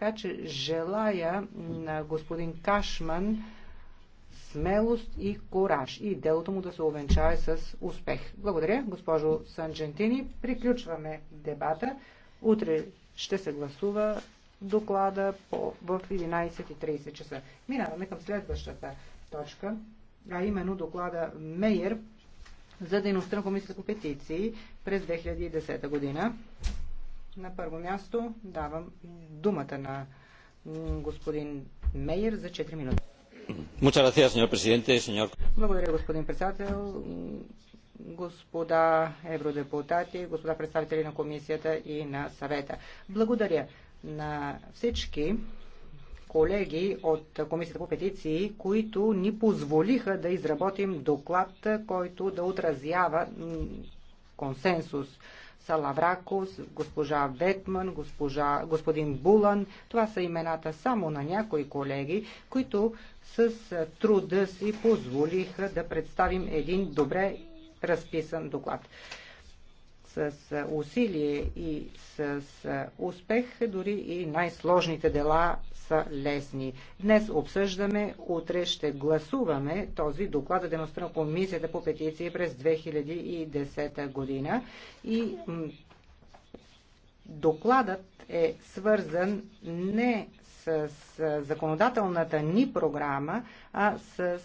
Така че желая на господин Кашман смелост и кораж и делото му да се увенчае с успех. Благодаря, госпожо Санджентини. Приключваме дебата. Утре ще се гласува доклада по, в 11.30 часа. Минаваме към следващата точка, а именно доклада Мейер за дейността на комисията по петиции през 2010 година. На първо място давам думата на господин Мейер за 4 минути. Благодаря, господин председател. Господа евродепутати, господа представители на комисията и на съвета. Благодаря на всички колеги от Комисията по петиции, които ни позволиха да изработим доклад, който да отразява консенсус Салавракос, госпожа Ветман, госпожа, господин Булан. Това са имената само на някои колеги, които с труда си позволиха да представим един добре разписан доклад с усилие и с успех, дори и най-сложните дела са лесни. Днес обсъждаме, утре ще гласуваме този доклад за дейността на Комисията по петиции през 2010 година и докладът е свързан не с законодателната ни програма, а с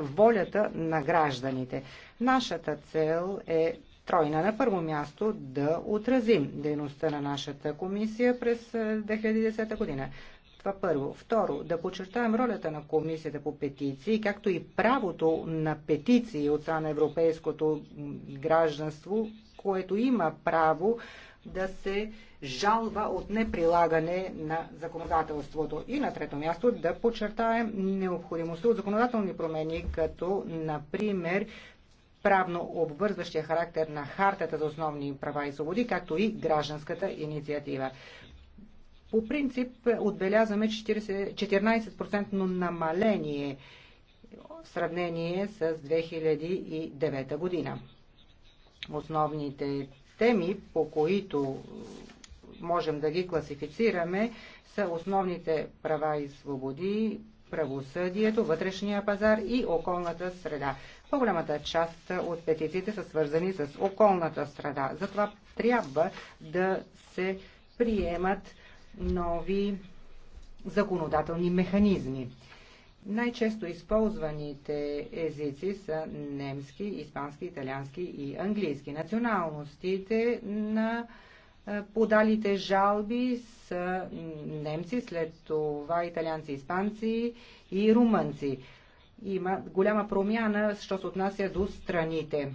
волята на гражданите. Нашата цел е тройна. На първо място да отразим дейността на нашата комисия през 2010 е, година. Това първо. Второ, да подчертаем ролята на комисията по петиции, както и правото на петиции от страна на европейското гражданство, което има право да се жалва от неприлагане на законодателството. И на трето място да подчертаем необходимостта от законодателни промени, като например правно обвързващия характер на Хартата за основни права и свободи, както и гражданската инициатива. По принцип отбелязваме 14% намаление в сравнение с 2009 година. Основните теми, по които можем да ги класифицираме, са основните права и свободи, правосъдието, вътрешния пазар и околната среда. По-голямата част от петициите са свързани с околната среда. Затова трябва да се приемат нови законодателни механизми. Най-често използваните езици са немски, испански, италиански и английски. Националностите на е, подалите жалби са немци, след това италианци, испанци и румънци. Има голяма промяна, що се отнася до страните.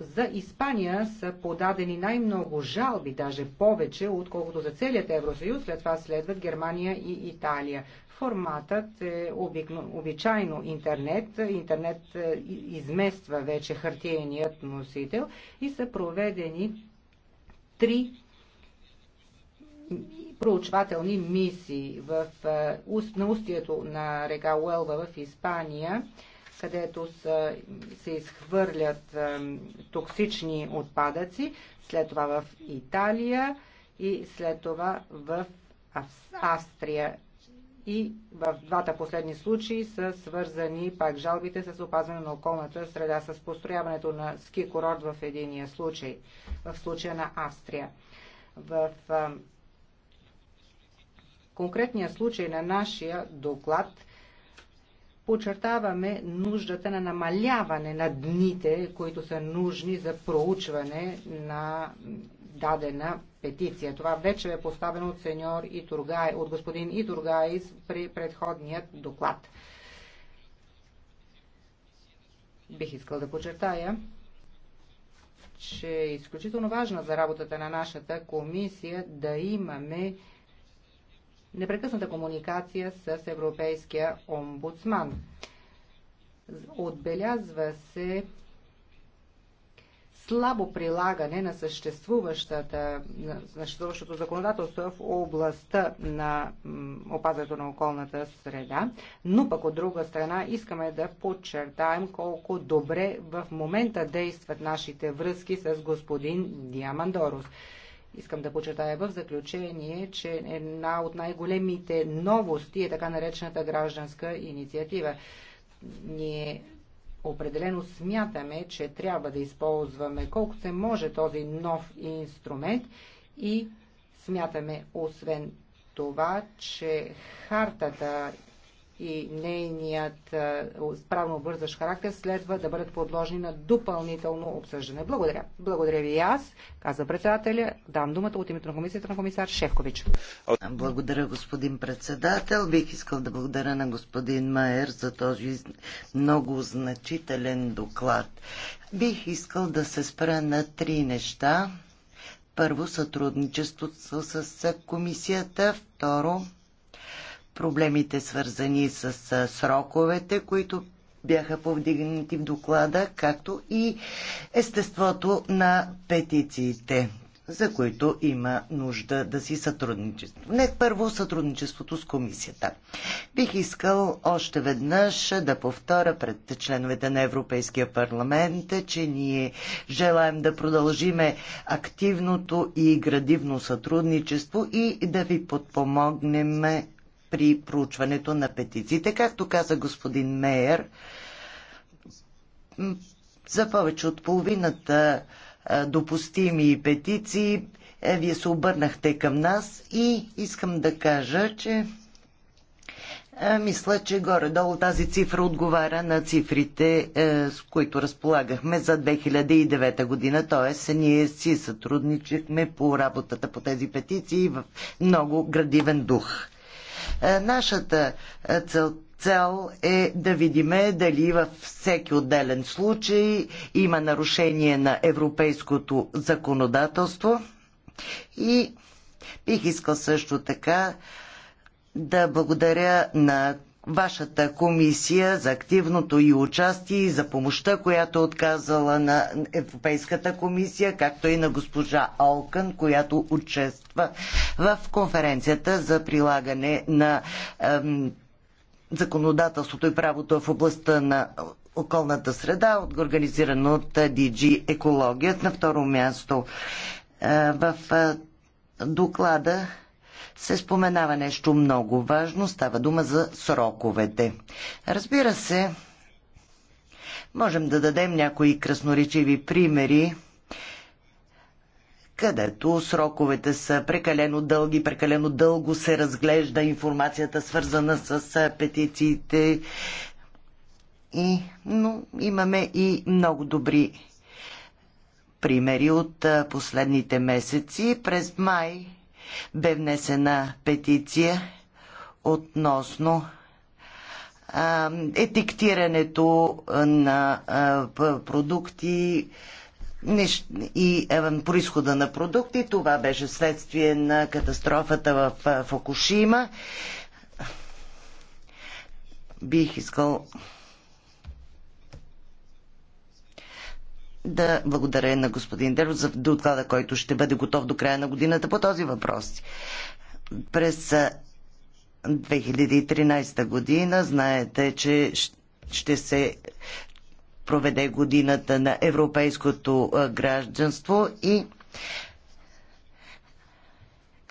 За Испания са подадени най-много жалби, даже повече, отколкото за целият Евросъюз. След това следват Германия и Италия. Форматът е обикно, обичайно интернет. Интернет е, измества вече хартиеният носител и са проведени три проучвателни мисии в, на устието на река Уелва в Испания, където са, се изхвърлят токсични отпадъци, след това в Италия и след това в Австрия и в двата последни случаи са свързани пак жалбите с опазване на околната среда, с построяването на ски курорт в единия случай, в случая на Австрия. В а, конкретния случай на нашия доклад подчертаваме нуждата на намаляване на дните, които са нужни за проучване на дадена петиция. Това вече е поставено от сеньор Итургай, от господин Итургай при предходният доклад. Бих искал да подчертая, че е изключително важна за работата на нашата комисия да имаме непрекъсната комуникация с Европейския омбудсман. Отбелязва се слабо прилагане на, съществуващата, на съществуващото законодателство в областта на опазването на околната среда, но пък от друга страна искаме да подчертаем колко добре в момента действат нашите връзки с господин Диамандорус. Искам да почетая в заключение, че една от най-големите новости е така наречената гражданска инициатива. Ние определено смятаме, че трябва да използваме колкото се може този нов инструмент и смятаме освен това, че хартата и нейният правно обвързващ характер следва да бъдат подложени на допълнително обсъждане. Благодаря. Благодаря ви и аз, каза председателя. Дам думата от името на комисията на комисар Шефкович. Благодаря, господин председател. Бих искал да благодаря на господин Майер за този много значителен доклад. Бих искал да се спра на три неща. Първо, сътрудничеството с комисията. Второ, проблемите свързани с сроковете, които бяха повдигнати в доклада, както и естеството на петициите, за които има нужда да си сътрудничество. Не първо сътрудничеството с комисията. Бих искал още веднъж да повторя пред членовете на Европейския парламент, че ние желаем да продължиме активното и градивно сътрудничество и да ви подпомогнем при проучването на петициите. Както каза господин Мейер, за повече от половината допустими петиции е, вие се обърнахте към нас и искам да кажа, че мисля, че горе-долу тази цифра отговаря на цифрите, е, с които разполагахме за 2009 година. Т.е. ние си сътрудничахме по работата по тези петиции в много градивен дух. Е, нашата е, цел, цел е да видиме дали във всеки отделен случай има нарушение на европейското законодателство и бих искал също така да благодаря на вашата комисия за активното и участие и за помощта, която е отказала на Европейската комисия, както и на госпожа Олкън, която участва в конференцията за прилагане на ем, законодателството и правото в областта на околната среда, организирано от DG Екологият. На второ място е, в е, доклада се споменава нещо много важно. Става дума за сроковете. Разбира се, можем да дадем някои красноречиви примери където сроковете са прекалено дълги, прекалено дълго се разглежда информацията свързана с петициите. И, но имаме и много добри примери от последните месеци. През май бе внесена петиция относно етиктирането на продукти и происхода на продукти. Това беше следствие на катастрофата в Фукушима. Бих искал да благодаря на господин Деров за доклада, който ще бъде готов до края на годината по този въпрос. През 2013 година знаете, че ще се проведе годината на европейското гражданство и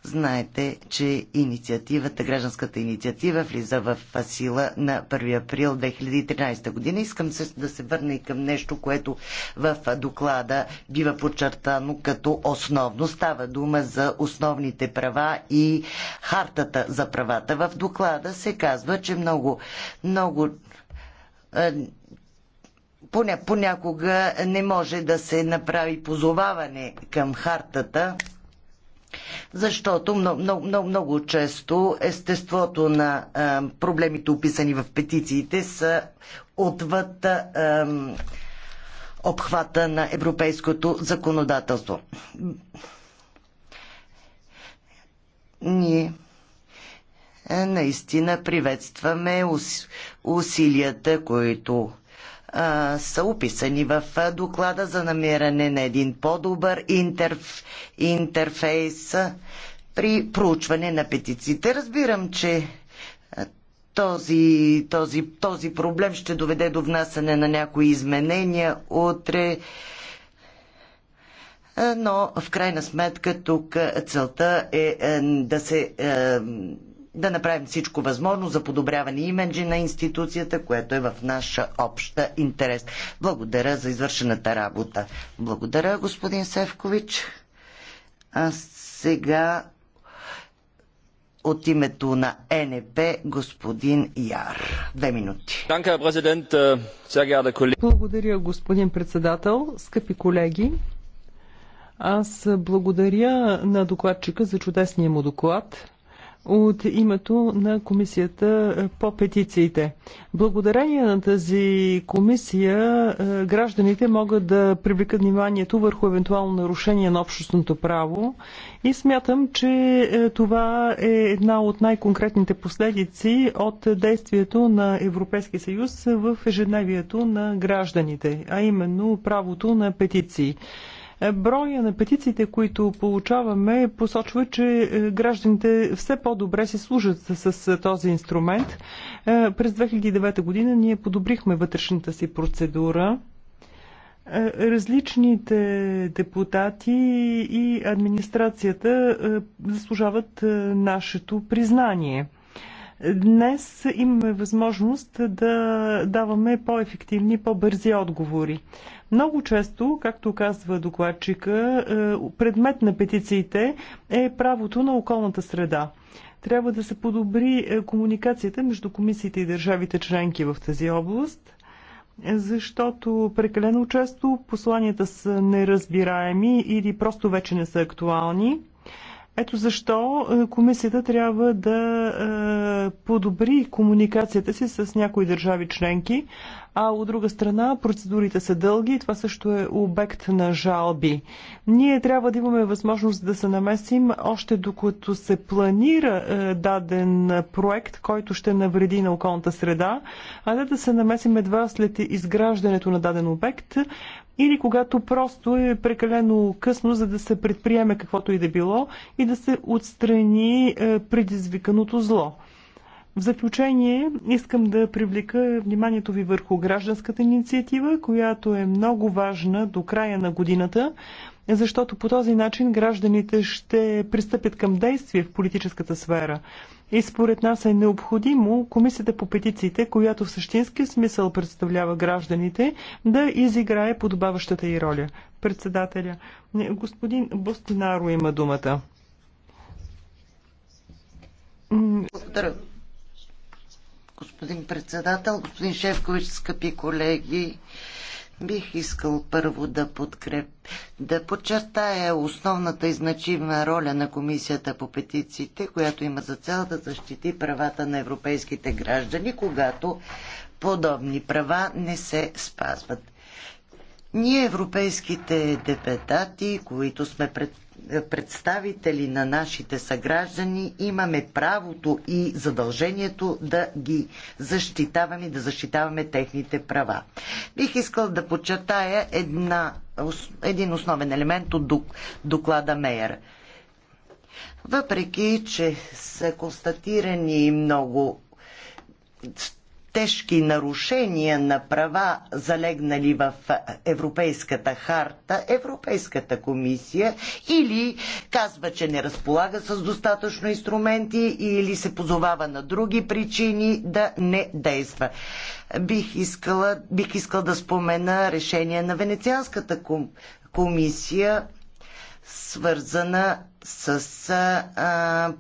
Знаете, че инициативата, гражданската инициатива влиза в сила на 1 април 2013 година. Искам се да се върна и към нещо, което в доклада бива подчертано като основно. Става дума за основните права и хартата за правата. В доклада се казва, че много, много е, понякога не може да се направи позоваване към хартата защото много, много, много, често естеството на а, проблемите, описани в петициите, са отвъд а, обхвата на европейското законодателство. Ние наистина приветстваме усилията, които а, са описани в доклада за намиране на един по-добър интерф, интерфейс при проучване на петициите. Разбирам, че този, този, този проблем ще доведе до внасане на някои изменения утре. Но в крайна сметка тук целта е, е да се е, да направим всичко възможно за подобряване имиджа на институцията, което е в наша обща интерес. Благодаря за извършената работа. Благодаря, господин Севкович. А сега от името на НП господин Яр. Две минути. Благодаря, господин председател, скъпи колеги. Аз благодаря на докладчика за чудесния му доклад от името на комисията е, по петициите. Благодарение на тази комисия е, гражданите могат да привлекат вниманието върху евентуално нарушение на общностното право и смятам, че е, това е една от най-конкретните последици от действието на Европейския съюз в ежедневието на гражданите, а именно правото на петиции. Броя на петициите, които получаваме, посочва, че е, гражданите все по-добре се служат с е, този инструмент. Е, през 2009 година ние подобрихме вътрешната си процедура. Различните депутати и администрацията заслужават нашето признание. Днес имаме възможност да даваме по-ефективни, по-бързи отговори. Много често, както казва докладчика, е, предмет на петициите е правото на околната среда. Трябва да се подобри е, комуникацията между комисиите и държавите членки в тази област защото прекалено често посланията са неразбираеми или просто вече не са актуални. Ето защо е, комисията трябва да е, подобри комуникацията си с някои държави членки, а от друга страна процедурите са дълги и това също е обект на жалби. Ние трябва да имаме възможност да се намесим още докато се планира е, даден проект, който ще навреди на околната среда, а не да се намесим едва след изграждането на даден обект, или когато просто е прекалено късно, за да се предприеме каквото и да било и да се отстрани е, предизвиканото зло. В заключение искам да привлека вниманието ви върху гражданската инициатива, която е много важна до края на годината, защото по този начин гражданите ще пристъпят към действие в политическата сфера. И според нас е необходимо Комисията по петициите, която в същински смисъл представлява гражданите, да изиграе подобаващата и роля. Председателя, господин Бостинаро има думата. Благодаря. Господин председател, господин Шевкович, скъпи колеги, Бих искал първо да подкреп, да подчертая основната и значима роля на Комисията по петициите, която има за цел да защити правата на европейските граждани, когато подобни права не се спазват. Ние, европейските депутати, които сме пред, представители на нашите съграждани, имаме правото и задължението да ги защитаваме, да защитаваме техните права. Бих искал да подчертая една, един основен елемент от доклада Мейер. Въпреки, че са констатирани много тежки нарушения на права, залегнали в Европейската харта, Европейската комисия или казва, че не разполага с достатъчно инструменти или се позовава на други причини да не действа. Бих искала, бих искала да спомена решение на Венецианската комисия, свързана с а,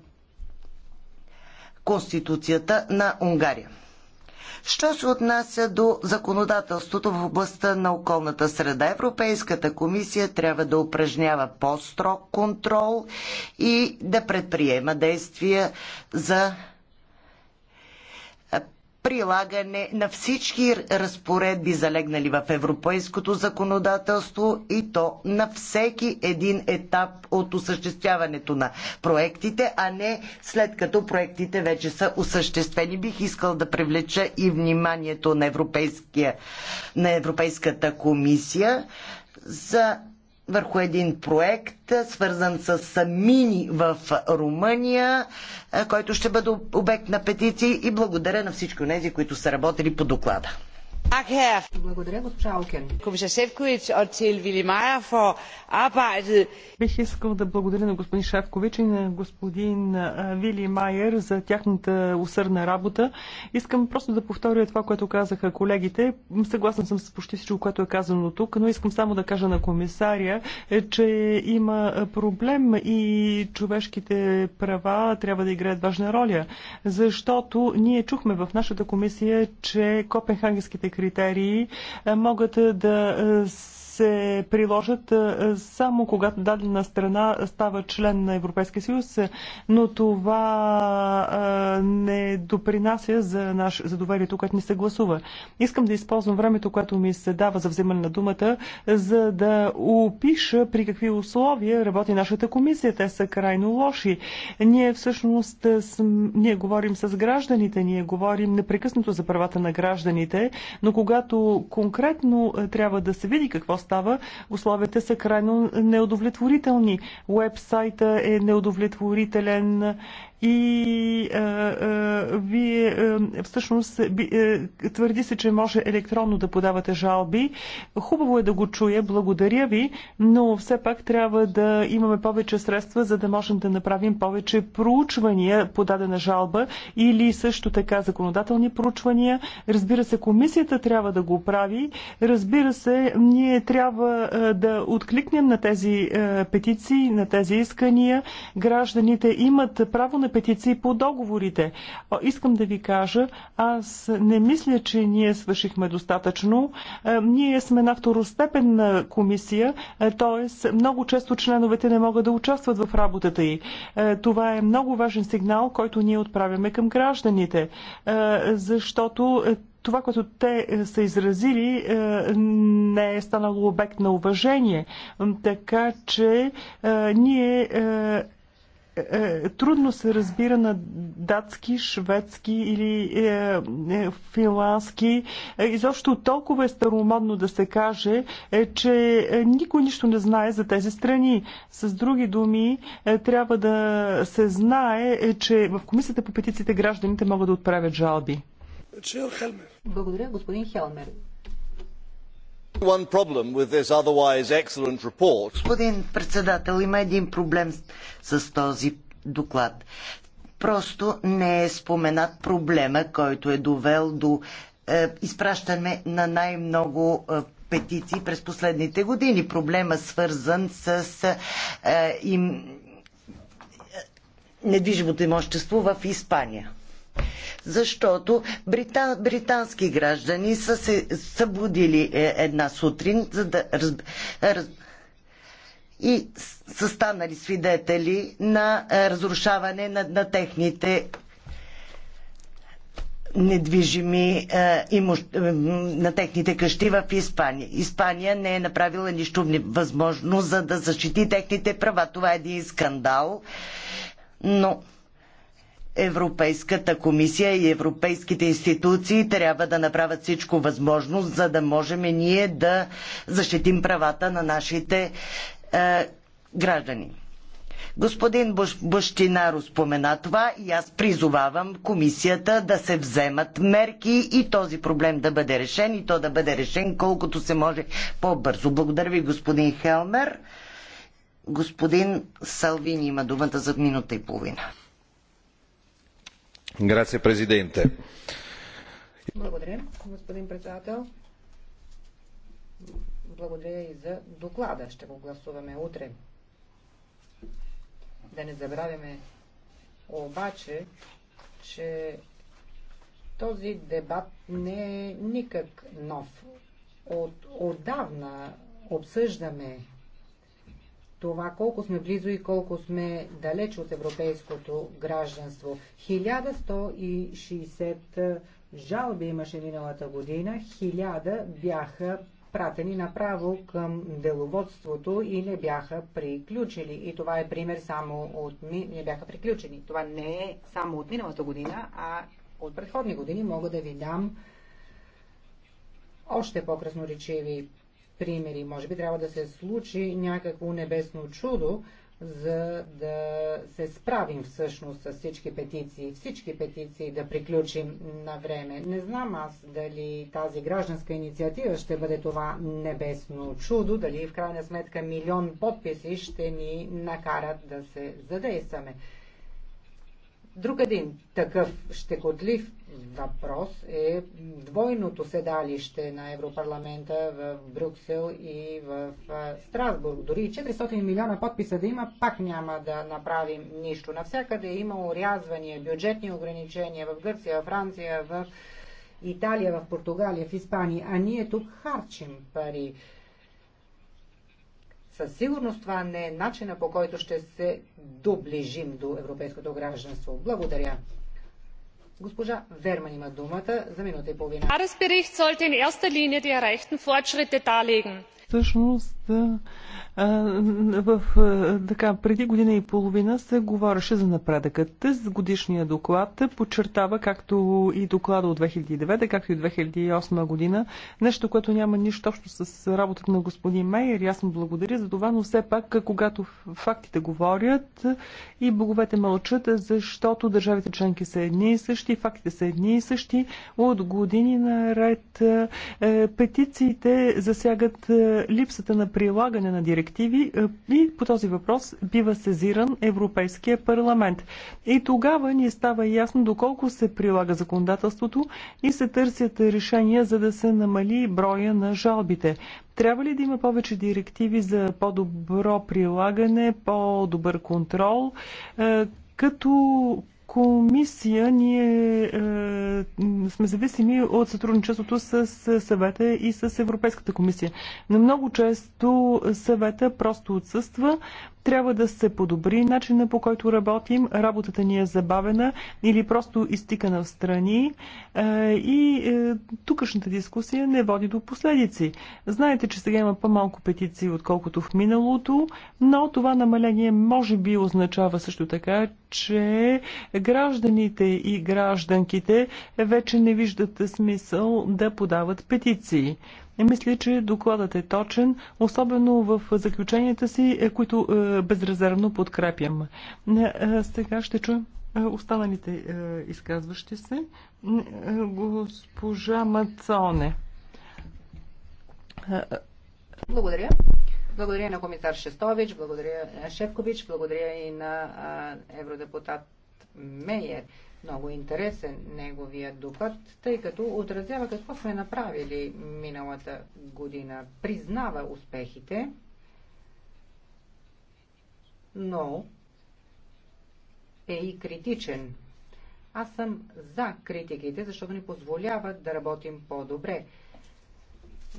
Конституцията на Унгария. Що се отнася до законодателството в областта на околната среда, Европейската комисия трябва да упражнява по-строг контрол и да предприема действия за прилагане на всички разпоредби, залегнали в европейското законодателство и то на всеки един етап от осъществяването на проектите, а не след като проектите вече са осъществени. Бих искал да привлеча и вниманието на, на Европейската комисия за върху един проект, свързан с мини в Румъния, който ще бъде обект на петиции и благодаря на всички тези, които са работили по доклада. Благодаря, госпожа Алкен. Комисар Шефкович от Вили Майер for Бих искал да благодаря на господин Шефкович и на господин Вили Майер за тяхната усърдна работа. Искам просто да повторя това, което казаха колегите. Съгласен съм с почти всичко, което е казано тук, но искам само да кажа на комисаря, е, че има проблем и човешките права трябва да играят важна роля, защото ние чухме в нашата комисия, че Копенхагенските критерии е, могат е, да е, се приложат само когато дадена страна става член на Европейския съюз, но това не допринася за, наш, за доверието, което ни се гласува. Искам да използвам времето, което ми се дава за вземане на думата, за да опиша при какви условия работи нашата комисия. Те са крайно лоши. Ние всъщност ние говорим с гражданите, ние говорим непрекъснато за правата на гражданите, но когато конкретно трябва да се види какво става? Условията са крайно неудовлетворителни. Уебсайта е неудовлетворителен и а, е, а, е, вие а, е, всъщност би, а, твърди се, че може електронно да подавате жалби. Хубаво е да го чуя, благодаря ви, но все пак трябва да имаме повече средства, за да можем да направим повече проучвания по дадена жалба или също така законодателни проучвания. Разбира се, комисията трябва да го прави. Разбира се, ние трябва трябва е, да откликнем на тези е, петиции, на тези искания. Гражданите имат право на петиции по договорите. Искам да ви кажа, аз не мисля, че ние свършихме достатъчно. Е, ние сме на второстепенна комисия, т.е. много често членовете не могат да участват в работата й. Това е много важен сигнал, който ние отправяме към гражданите, защото това, което те е, са изразили, е, не е станало обект на уважение. Така че е, ние трудно се разбира на датски, шведски или е, финландски. Изобщо толкова е старомодно да се каже, че никой нищо не знае за тези страни. С други думи, трябва да се знае, че в Комисията по петициите гражданите могат да отправят жалби. Чел Хелмер. Благодаря, господин Хелмер. Господин председател, има един проблем с този доклад. Просто не е споменат проблема, който е довел до е, изпращане на най-много е, петиции през последните години. Проблема свързан с е, им е, недвижимото имущество в Испания защото брита, британски граждани са се събудили е, една сутрин, за да раз, раз, и са станали свидетели на е, разрушаване на, на техните недвижими е, имущ... Е, на техните къщи в Испания. Испания не е направила нищо възможно, за да защити техните права. Това е един скандал, но Европейската комисия и европейските институции трябва да направят всичко възможно, за да можем ние да защитим правата на нашите е, граждани. Господин Бащинаро спомена това и аз призовавам комисията да се вземат мерки и този проблем да бъде решен и то да бъде решен колкото се може по-бързо. Благодаря ви, господин Хелмер. Господин Салвини има думата за минута и половина. Грация, президенте. Благодаря, господин председател. Благодаря и за доклада. Ще го гласуваме утре. Да не забравяме обаче, че този дебат не е никак нов. От, отдавна обсъждаме това колко сме близо и колко сме далеч от европейското гражданство. 1160 жалби имаше миналата година, 1000 бяха пратени направо към деловодството и не бяха приключили. И това е пример само от ми... не бяха приключени. Това не е само от миналата година, а от предходни години мога да ви дам още по-красноречиви примери. Може би трябва да се случи някакво небесно чудо, за да се справим всъщност с всички петиции, всички петиции да приключим на време. Не знам аз дали тази гражданска инициатива ще бъде това небесно чудо, дали в крайна сметка милион подписи ще ни накарат да се задействаме. Друг един такъв щекотлив въпрос е двойното седалище на Европарламента в Брюксел и в Страсбург. Дори 400 милиона подписа да има, пак няма да направим нищо. Навсякъде е има урязвания, бюджетни ограничения в Гърция, Франция, в Италия, в Португалия, в Испания, а ние тук харчим пари. Със сигурност това не е начина по който ще се доближим до европейското гражданство. Благодаря. Госпожа Верман има думата за минута и половина. Всъщност, в, така, преди година и половина се говореше за напредъкът. С годишния доклад подчертава, както и доклада от 2009, както и 2008 година, нещо, което няма нищо общо с работата на господин Мейер. Аз му благодаря за това, но все пак, когато фактите говорят и боговете мълчат, защото държавите членки са едни и същи, фактите са едни и същи, от години наред е, петициите засягат е, липсата на прилагане на директива директиви е, и по този въпрос бива сезиран Европейския парламент. И тогава ни става ясно доколко се прилага законодателството и се търсят решения за да се намали броя на жалбите. Трябва ли да има повече директиви за по-добро прилагане, по-добър контрол, е, като комисия ние е, сме зависими от сътрудничеството с съвета и с Европейската комисия. Но много често съвета просто отсъства трябва да се подобри начина по който работим, работата ни е забавена или просто изтикана в страни е, и е, тукашната дискусия не води до последици. Знаете, че сега има по-малко петиции, отколкото в миналото, но това намаление може би означава също така, че гражданите и гражданките вече не виждат смисъл да подават петиции. Мисля, че докладът е точен, особено в заключенията си, е, които е, безрезервно подкрепям. Е, сега ще чуем останалите изказващи се. Госпожа Мацоне. Благодаря. Благодаря на комисар Шестович, благодаря Шевкович, благодаря и на евродепутат Мейер. Много интересен неговия доклад, тъй като отразява какво сме направили миналата година. Признава успехите, но е и критичен. Аз съм за критиките, защото ни позволяват да работим по-добре.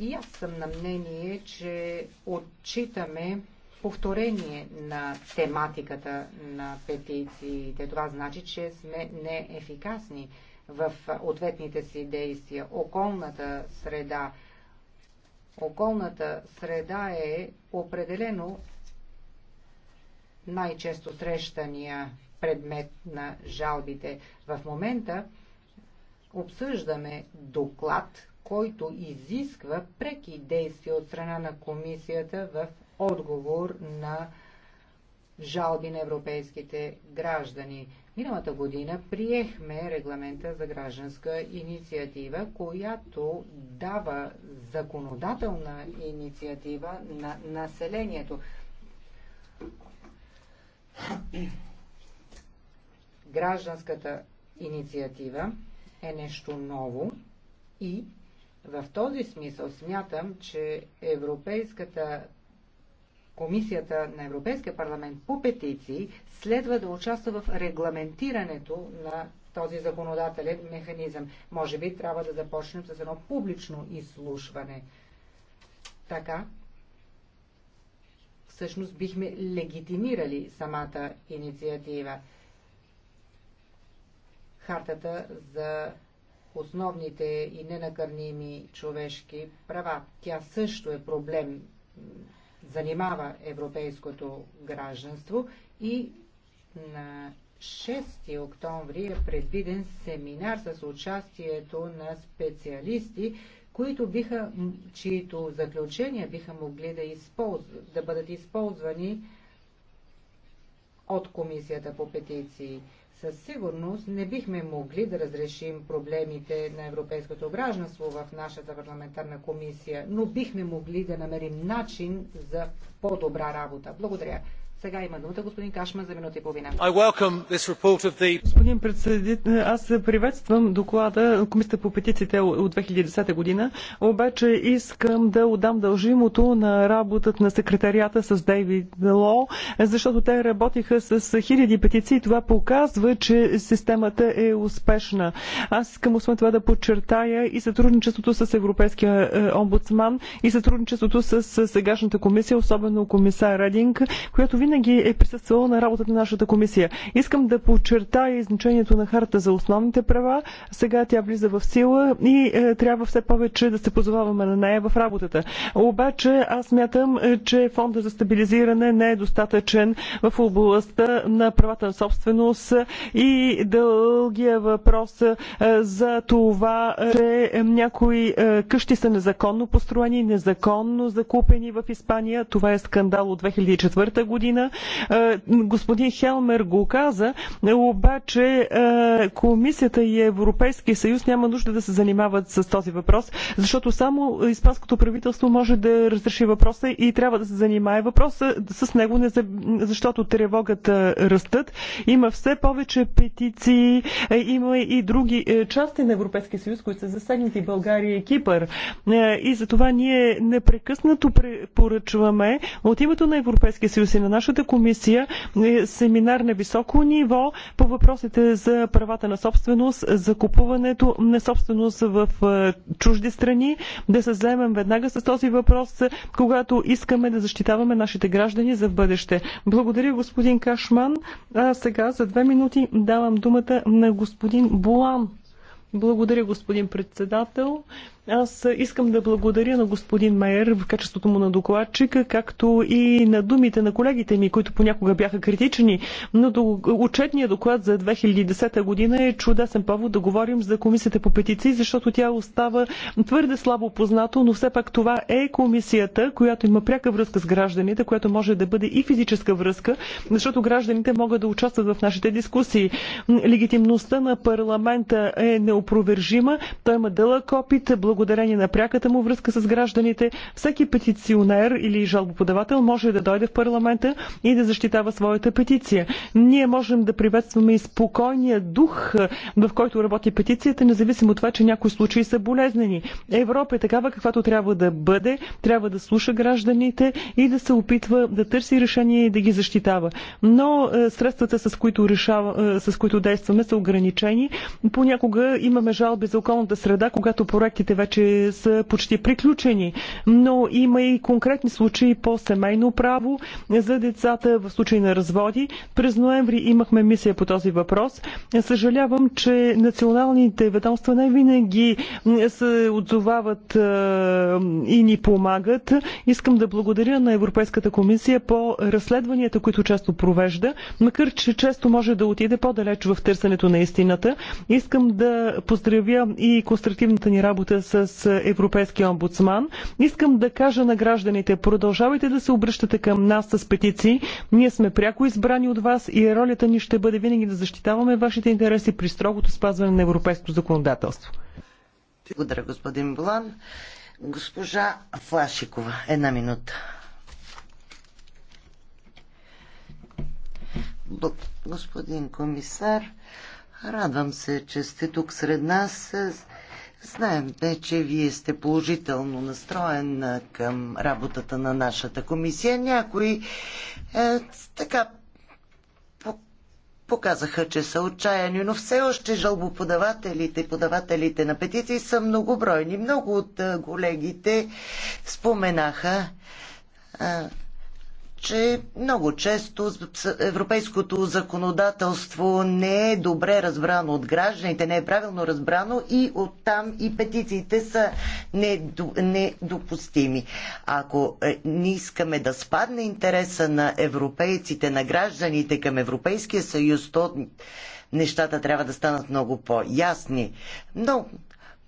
И аз съм на мнение, че отчитаме повторение на тематиката на петициите. Това значи, че сме неефикасни в ответните си действия. Околната среда. Околната среда е определено най-често срещания предмет на жалбите. В момента обсъждаме доклад, който изисква преки действия от страна на комисията в отговор на жалби на европейските граждани. Миналата година приехме регламента за гражданска инициатива, която дава законодателна инициатива на населението. Гражданската инициатива е нещо ново и в този смисъл смятам, че Европейската Комисията на Европейския парламент по петиции следва да участва в регламентирането на този законодателен механизъм. Може би трябва да започнем с едно публично изслушване. Така, всъщност бихме легитимирали самата инициатива. Хартата за основните и ненакърними човешки права. Тя също е проблем занимава европейското гражданство и на 6 октомври е предвиден семинар с участието на специалисти, които биха, чието заключения биха могли да, да бъдат използвани от Комисията по петиции със сигурност не бихме могли да разрешим проблемите на европейското гражданство в нашата парламентарна комисия, но бихме могли да намерим начин за по-добра работа. Благодаря. Сега има думата господин Кашман за минута и половина. The... Господин председател, аз приветствам доклада Комисията по петициите от 2010 година, обаче искам да отдам дължимото на работата на секретарията с Дейвид Ло, защото те работиха с хиляди петиции и това показва, че системата е успешна. Аз искам освен това да подчертая и сътрудничеството с Европейския е, омбудсман и сътрудничеството с сегашната комисия, особено комисар Рединг, която винаги винаги е присъствала на работата на нашата комисия. Искам да подчертая значението на харта за основните права. Сега тя влиза в сила и е, трябва все повече да се позоваваме на нея в работата. Обаче аз мятам, е, че фонда за стабилизиране не е достатъчен в областта на правата на собственост и дългия въпрос е, за това, че някои е, къщи са незаконно построени, незаконно закупени в Испания. Това е скандал от 2004 година е, господин Хелмер го каза, обаче е, комисията и Европейския съюз няма нужда да се занимават с този въпрос, защото само испанското правителство може да разреши въпроса и трябва да се занимае въпроса с него, защото тревогата растат. Има все повече петиции, е, има и други части на Европейския съюз, които са засегнати България и Кипър. И за това ние непрекъснато препоръчваме от името на Европейския съюз и на нашата Европейската комисия е семинар на високо ниво по въпросите за правата на собственост, за купуването на собственост в е, чужди страни, да се заемем веднага с този въпрос, когато искаме да защитаваме нашите граждани за в бъдеще. Благодаря, господин Кашман. А сега за две минути давам думата на господин Булан. Благодаря, господин председател. Аз искам да благодаря на господин Майер в качеството му на докладчика, както и на думите на колегите ми, които понякога бяха критични, но до отчетния доклад за 2010 година е чудесен повод да говорим за комисията по петиции, защото тя остава твърде слабо познато, но все пак това е комисията, която има пряка връзка с гражданите, която може да бъде и физическа връзка, защото гражданите могат да участват в нашите дискусии. Легитимността на парламента е необходима неопровержима. Той има дълъг опит, благодарение на пряката му връзка с гражданите. Всеки петиционер или жалбоподавател може да дойде в парламента и да защитава своята петиция. Ние можем да приветстваме и спокойния дух, в който работи петицията, независимо от това, че някои случаи са болезнени. Европа е такава, каквато трябва да бъде, трябва да слуша гражданите и да се опитва да търси решение и да ги защитава. Но е, средствата, с които, решава, е, с които действаме, са ограничени. Понякога има имаме жалби за околната среда, когато проектите вече са почти приключени. Но има и конкретни случаи по семейно право за децата в случай на разводи. През ноември имахме мисия по този въпрос. Съжалявам, че националните ведомства не винаги се отзовават и ни помагат. Искам да благодаря на Европейската комисия по разследванията, които често провежда, макар че често може да отиде по-далеч в търсенето на истината. Искам да поздравя и конструктивната ни работа с Европейския омбудсман. Искам да кажа на гражданите, продължавайте да се обръщате към нас с петиции. Ние сме пряко избрани от вас и ролята ни ще бъде винаги да защитаваме вашите интереси при строгото спазване на европейското законодателство. Благодаря, господин Блан. Госпожа Флашикова, една минута. Господин комисар, Радвам се, че сте тук сред нас. Знаем, те, че вие сте положително настроен към работата на нашата комисия. Някои е, така показаха, че са отчаяни, но все още жалбоподавателите и подавателите на петиции са многобройни. Много от колегите споменаха че много често европейското законодателство не е добре разбрано от гражданите, не е правилно разбрано и оттам и петициите са недопустими. Ако е, не искаме да спадне интереса на европейците, на гражданите към Европейския съюз, то нещата трябва да станат много по-ясни. Но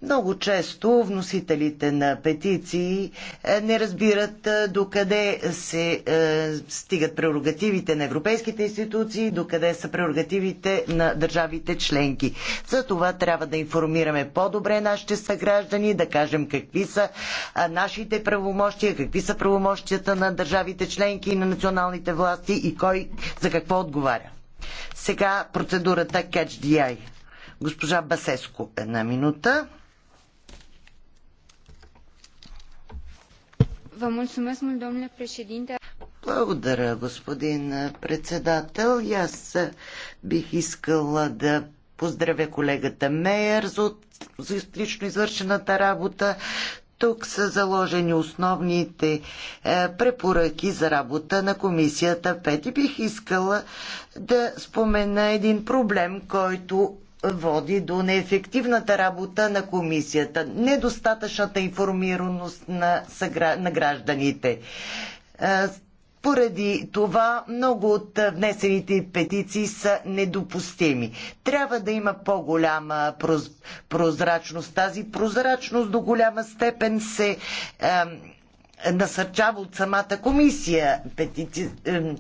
много често вносителите на петиции е, не разбират е, докъде се е, стигат прерогативите на европейските институции, докъде са прерогативите на държавите членки. За това трябва да информираме по-добре нашите съграждани, да кажем какви са нашите правомощия, какви са правомощията на държавите членки и на националните власти и кой за какво отговаря. Сега процедурата Catch Eye. Госпожа Басеско, една минута. Vă mulțumesc mult, domnule președinte. Благодаря, господин председател. И аз бих искала да поздравя колегата Мейер за, за лично извършената работа. Тук са заложени основните е, препоръки за работа на комисията Пети и бих искала да спомена един проблем, който води до неефективната работа на комисията, недостатъчната информираност на, на гражданите. Е, поради това много от внесените петиции са недопустими. Трябва да има по-голяма прозрачност. Тази прозрачност до голяма степен се е, насърчава от самата комисия петици,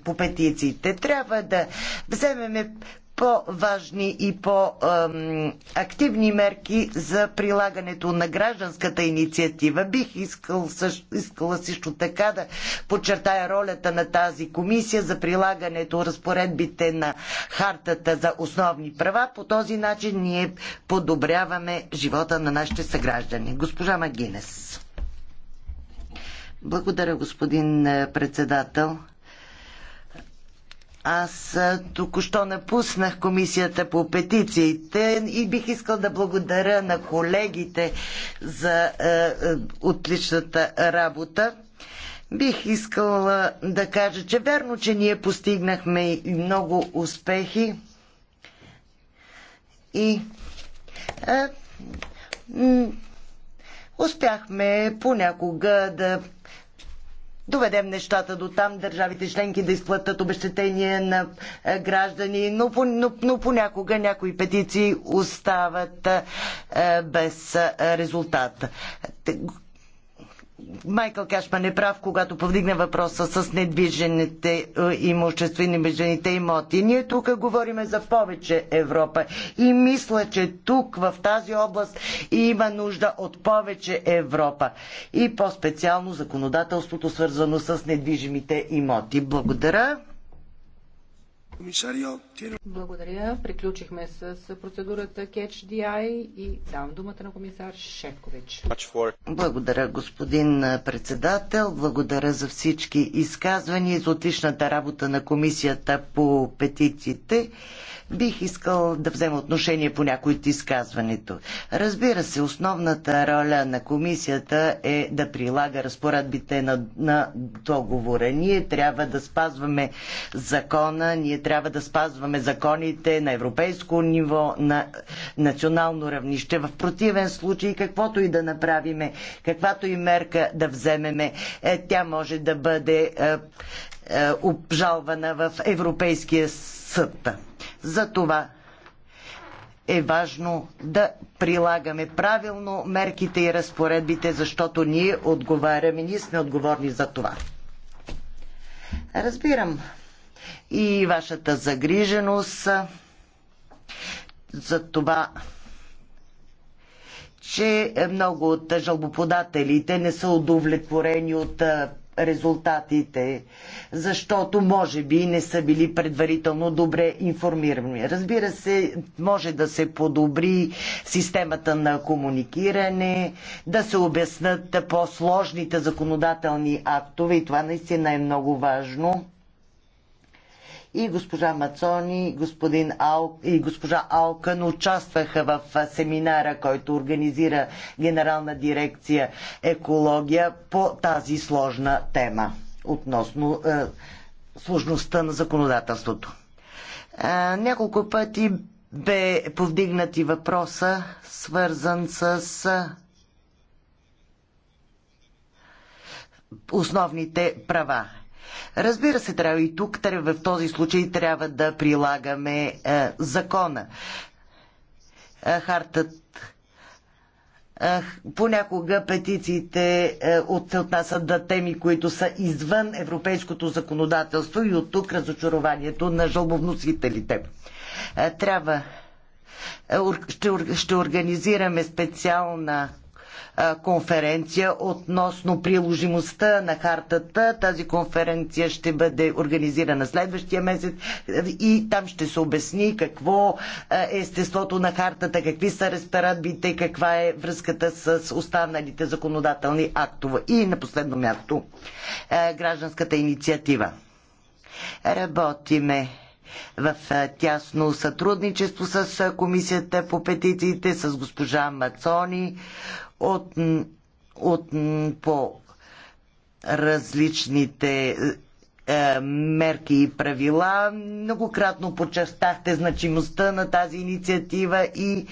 по петициите. Трябва да вземеме по-важни и по-активни мерки за прилагането на гражданската инициатива. Бих искал, искала също така да подчертая ролята на тази комисия за прилагането разпоредбите на хартата за основни права. По този начин ние подобряваме живота на нашите съграждани. Госпожа Магинес. Благодаря, господин е, председател. Аз току-що напуснах комисията по петициите и бих искал да благодаря на колегите за е, отличната работа. Бих искала да кажа, че верно, че ние постигнахме и много успехи и е, успяхме понякога да доведем нещата до там, държавите членки да изплатят обещетения на е, граждани, но, но, но понякога някои петиции остават е, без е, резултат. Майкъл Кашман е прав, когато повдигна въпроса с недвижените е, имущества и недвижените имоти. Ние тук говорим за повече Европа и мисля, че тук в тази област има нужда от повече Европа и по-специално законодателството свързано с недвижимите имоти. Благодаря. Благодаря. Приключихме с процедурата Catch DI и давам думата на комисар Шевкович. Благодаря, господин председател. Благодаря за всички изказвания и за отличната работа на комисията по петициите. Бих искал да взема отношение по някои от изказването. Разбира се, основната роля на комисията е да прилага разпоредбите на, на договора. Ние трябва да спазваме закона, ние трябва да спазваме законите на европейско ниво, на национално равнище. В противен случай, каквото и да направиме, каквато и мерка да вземеме, е, тя може да бъде е, е, обжалвана в Европейския съд. За това е важно да прилагаме правилно мерките и разпоредбите, защото ние отговаряме, ние сме отговорни за това. Разбирам и вашата загриженост за това, че много от жалбоподателите не са удовлетворени от резултатите, защото може би не са били предварително добре информирани. Разбира се, може да се подобри системата на комуникиране, да се обяснат по-сложните законодателни актове и това наистина е много важно и госпожа Мацони, господин Ал, и госпожа Алкан участваха в семинара, който организира Генерална дирекция екология по тази сложна тема относно е, сложността на законодателството. Е, няколко пъти бе повдигнати въпроса, свързан с основните права. Разбира се, трябва и тук, в този случай трябва да прилагаме е, закона. Е, хартът е, понякога петициите е, от отнасят да теми, които са извън европейското законодателство и от тук разочарованието на жалбовносителите. Е, трябва ще, ще организираме специална конференция относно приложимостта на хартата. Тази конференция ще бъде организирана следващия месец и там ще се обясни какво е естеството на хартата, какви са и каква е връзката с останалите законодателни актове. И на последно място гражданската инициатива. Работиме в тясно сътрудничество с Комисията по петициите, с госпожа Мацони от, от, по различните е, мерки и правила. Многократно подчертахте значимостта на тази инициатива и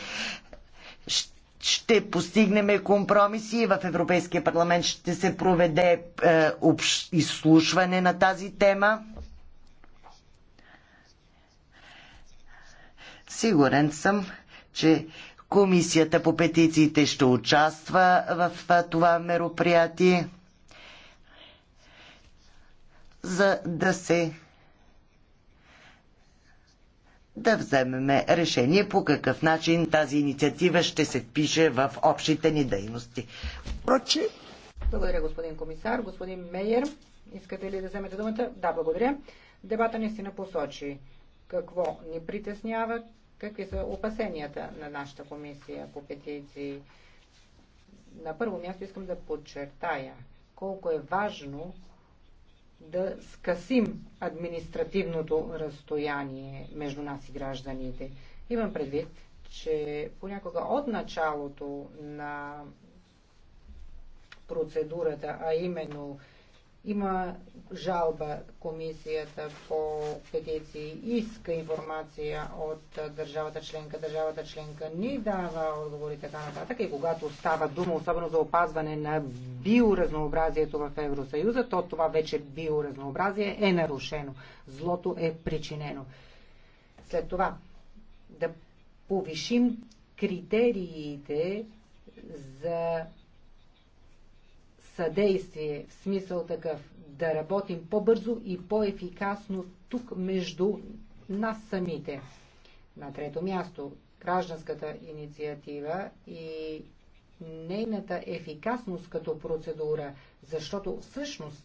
ще постигнем компромиси в Европейския парламент ще се проведе е, изслушване на тази тема. Сигурен съм, че Комисията по петициите ще участва в това мероприятие, за да се да вземем решение по какъв начин тази инициатива ще се впише в общите ни дейности. Проче. Благодаря, господин комисар. Господин Мейер, искате ли да вземете думата? Да, благодаря. Дебата ни си напосочи какво ни притеснява, какви са опасенията на нашата комисия по петиции. На първо място искам да подчертая колко е важно да скъсим административното разстояние между нас и гражданите. Имам предвид, че понякога от началото на процедурата, а именно има жалба комисията по петиции, иска информация от държавата членка. Държавата членка ни дава отговор и така нататък. И когато става дума, особено за опазване на биоразнообразието в Евросъюза, то това вече биоразнообразие е нарушено. Злото е причинено. След това да повишим критериите за съдействие, в смисъл такъв да работим по-бързо и по-ефикасно тук между нас самите. На трето място, гражданската инициатива и нейната ефикасност като процедура, защото всъщност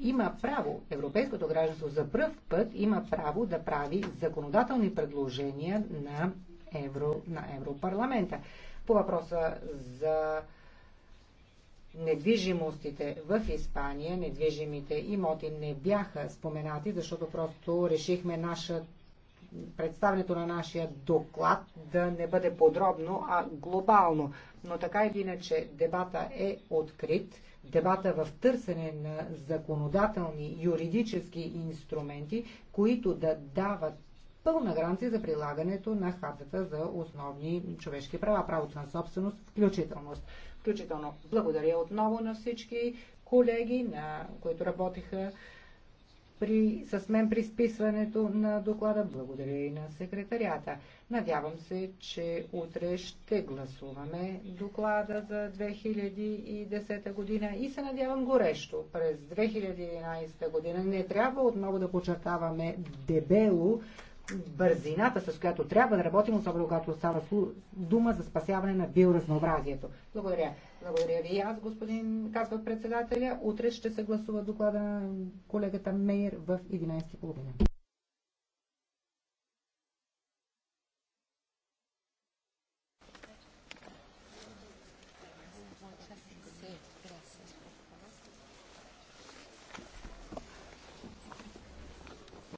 има право, европейското гражданство за пръв път има право да прави законодателни предложения на, Евро, на Европарламента. По въпроса за недвижимостите в Испания, недвижимите имоти не бяха споменати, защото просто решихме наша, представенето на нашия доклад да не бъде подробно, а глобално. Но така или иначе дебата е открит. Дебата в търсене на законодателни юридически инструменти, които да дават пълна гаранция за прилагането на хартата за основни човешки права, правото на собственост, включителност включително. Благодаря отново на всички колеги, на които работиха при, с мен при списването на доклада. Благодаря и на секретарията. Надявам се, че утре ще гласуваме доклада за 2010 година и се надявам горещо. През 2011 година не трябва отново да почертаваме дебело бързината, с която трябва да работим, особено когато става дума за спасяване на биоразнообразието. Благодаря. Благодаря ви. Аз, господин, казва председателя, утре ще се гласува доклада на колегата Мейер в 11.30.